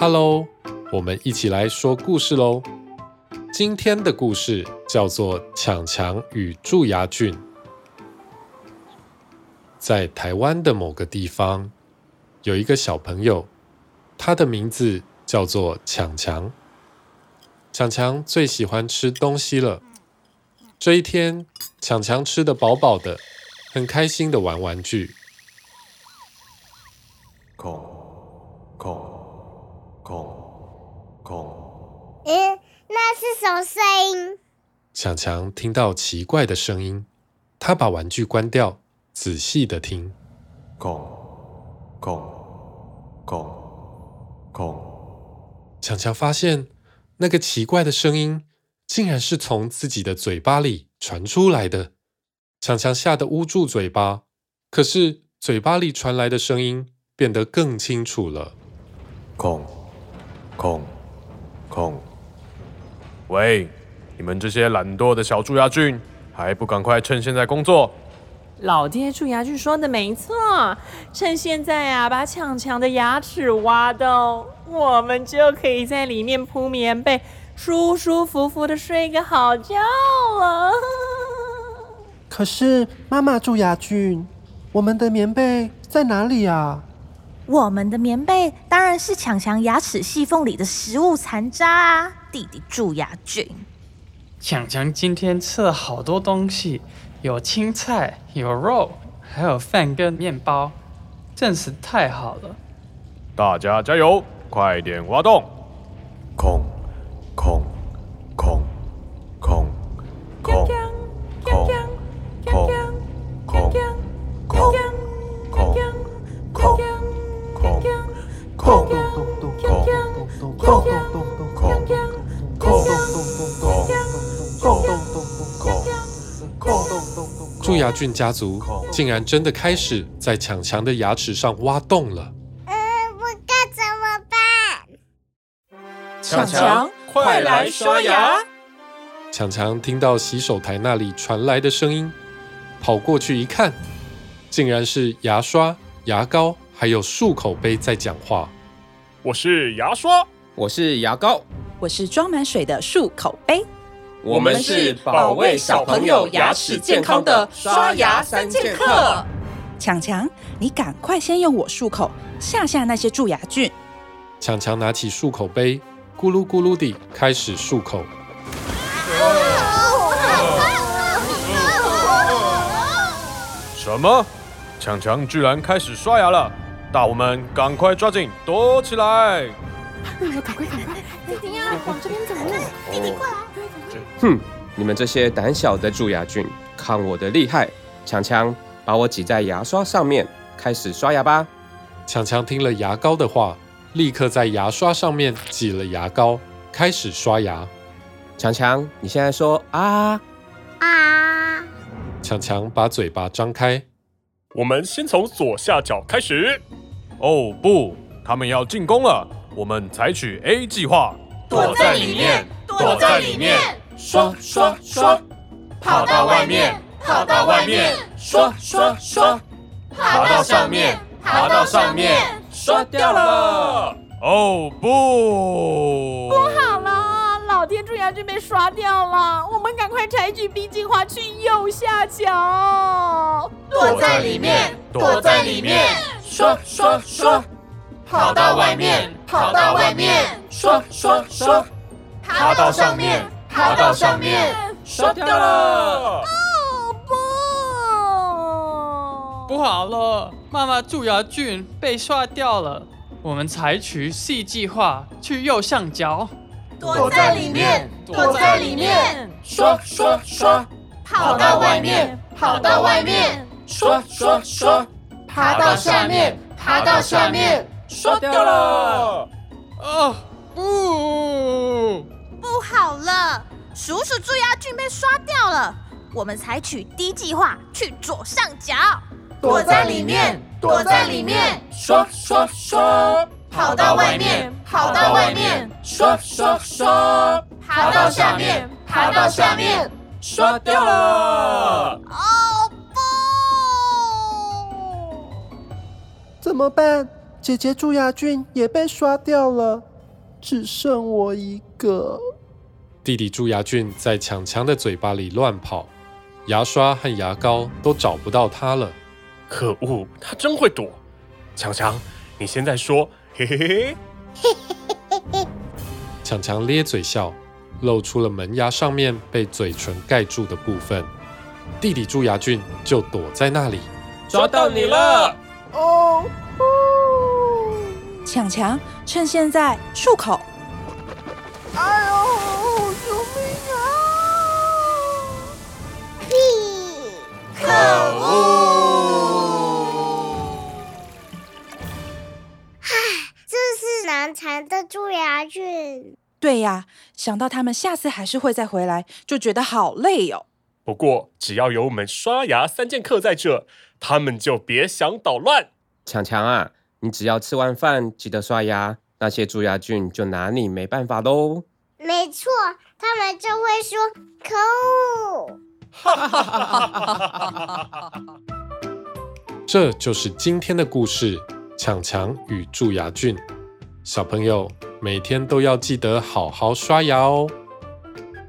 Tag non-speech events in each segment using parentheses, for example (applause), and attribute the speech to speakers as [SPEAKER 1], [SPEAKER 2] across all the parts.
[SPEAKER 1] Hello，我們一起來說故事嘍。今天的故事叫做《強強與蛀牙菌》。在台灣的某個地方，有一個小朋友，他的名字叫做強強。強強最喜歡吃東西了。這一天，強強吃得飽飽的，很開心的玩玩具。叩、叩。公公，誒，那是什麼聲音？強強聽到奇怪的聲音，他把玩具關掉，仔細地聽。公公公公，強強發現那個奇怪的聲音，竟然是從自己的嘴巴裡傳出來的。強強嚇得捂住嘴巴，可是嘴巴裡傳來的聲音變得更清楚了。公空，空！喂，你們這些懶惰的小蛀牙菌，還不趕快趁現在工作？老爹蛀牙菌說的沒錯，趁現在啊，把強強的牙齒挖掉，我們就可以在裡面鋪棉被，舒舒服服的睡個好覺了。可是，媽媽蛀牙菌，我們的棉被在哪裡呀？我們的棉被當然是強強牙齒細縫裡的食物殘渣啊，弟弟蛀牙菌。強強今天吃了好多東西，有青菜，有肉，還有飯跟麵包，真是太好了。大家加油，快點挖洞，空空。咚咚咚咚咚咚！蛀牙菌家族竟然真的開始在強強的牙齒上挖洞了。嗯、呃，我該怎麼辦？強強，快來刷牙！強強聽到洗手台那裡傳來的聲音，跑過去一看，竟然是牙刷、牙膏還有漱口杯在講話。我是牙刷。我是牙膏。我是裝滿水的漱口杯。我們是保衛小朋友牙齒健康的刷牙三劍客。強強，你趕快先用我漱口，嚇嚇那些蛀牙菌。強強拿起漱口杯，咕嚕咕嚕地開始漱口。什麼？強強居然開始刷牙了！大夥們，趕快抓緊躲起來！趕快快快快！不行啊，往、啊、這邊走，你過來。哼，你們這些膽小的蛀牙菌，看我的厲害！強強，把我擠在牙刷上面，開始刷牙吧。強強聽了牙膏的話，立刻在牙刷上面擠了牙膏，開始刷牙。強強，你現在說啊啊！強強把嘴巴張開，我們先從左下角開始。哦不，他們要進攻了。我們採取 A 計劃，躲在裡面，躲在裡面，刷刷刷，跑到外面，跑到外面，刷刷刷爬爬，爬到上面，爬到上面，刷掉了！哦不，不好了，老天蛀牙菌被刷掉了，我們趕快採取 B 計劃，去右下角，躲在裡面，躲在裡面，刷刷刷。刷刷跑到外面，跑到外面，刷刷刷；爬到上面，爬到上面，刷掉了，掉了、哦。不，不好了，媽媽蛀牙菌被刷掉了。我們採取 C 計劃，去右上角，躲在裡面，躲在裡面，刷刷刷；跑到外面，跑到外面，刷刷刷；爬到下面，爬到下面。刷掉，刷掉了！啊不！不好了，鼠鼠蛀牙菌被刷掉了。我們採取 D 計劃，去左上角，躲在裡面，躲在裡面。刷刷刷！跑到外面，跑到外面。刷刷刷爬！爬到下面，爬到下面。刷掉了！哦，不！怎麼辦？姐姐蛀牙菌也被刷掉了，只剩我一個。弟弟蛀牙菌在強強的嘴巴裡亂跑，牙刷和牙膏都找不到他了。可惡，他真會躲！強強，你現在說，嘿嘿嘿嘿嘿嘿嘿嘿！強 (laughs) 強咧嘴笑，露出了門牙上面被嘴唇蓋住的部分。弟弟蛀牙菌就躲在那裡，抓到你了！強強，趁現在漱口。哎呦，救命啊！屁，可惡！唉，這是難纏的蛀牙菌。對呀，想到他們下次還是會再回來，就覺得好累喲、哦。不過，只要有我們刷牙三劍客在這，他們就別想搗亂。強強啊！你只要吃完飯記得刷牙，那些蛀牙菌就拿你沒辦法嘍。沒錯，他們就會說可惡。 (laughs) (laughs) 這就是今天的故事：強強與蛀牙菌。小朋友每天都要記得好好刷牙哦。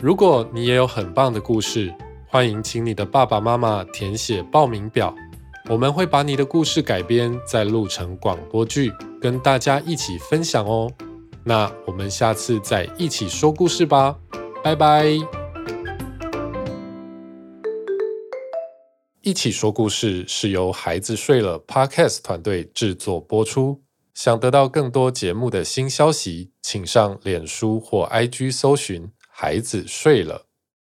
[SPEAKER 1] 如果你也有很棒的故事，歡迎請你的爸爸媽媽填寫報名表。我們會把你的故事改編，再錄成廣播劇，跟大家一起分享哦。那我們下次再一起說故事吧，拜拜！一起說故事是由孩子睡了 Podcast 團隊製作播出。想得到更多節目的新消息，請上臉書或 IG 搜尋“孩子睡了”。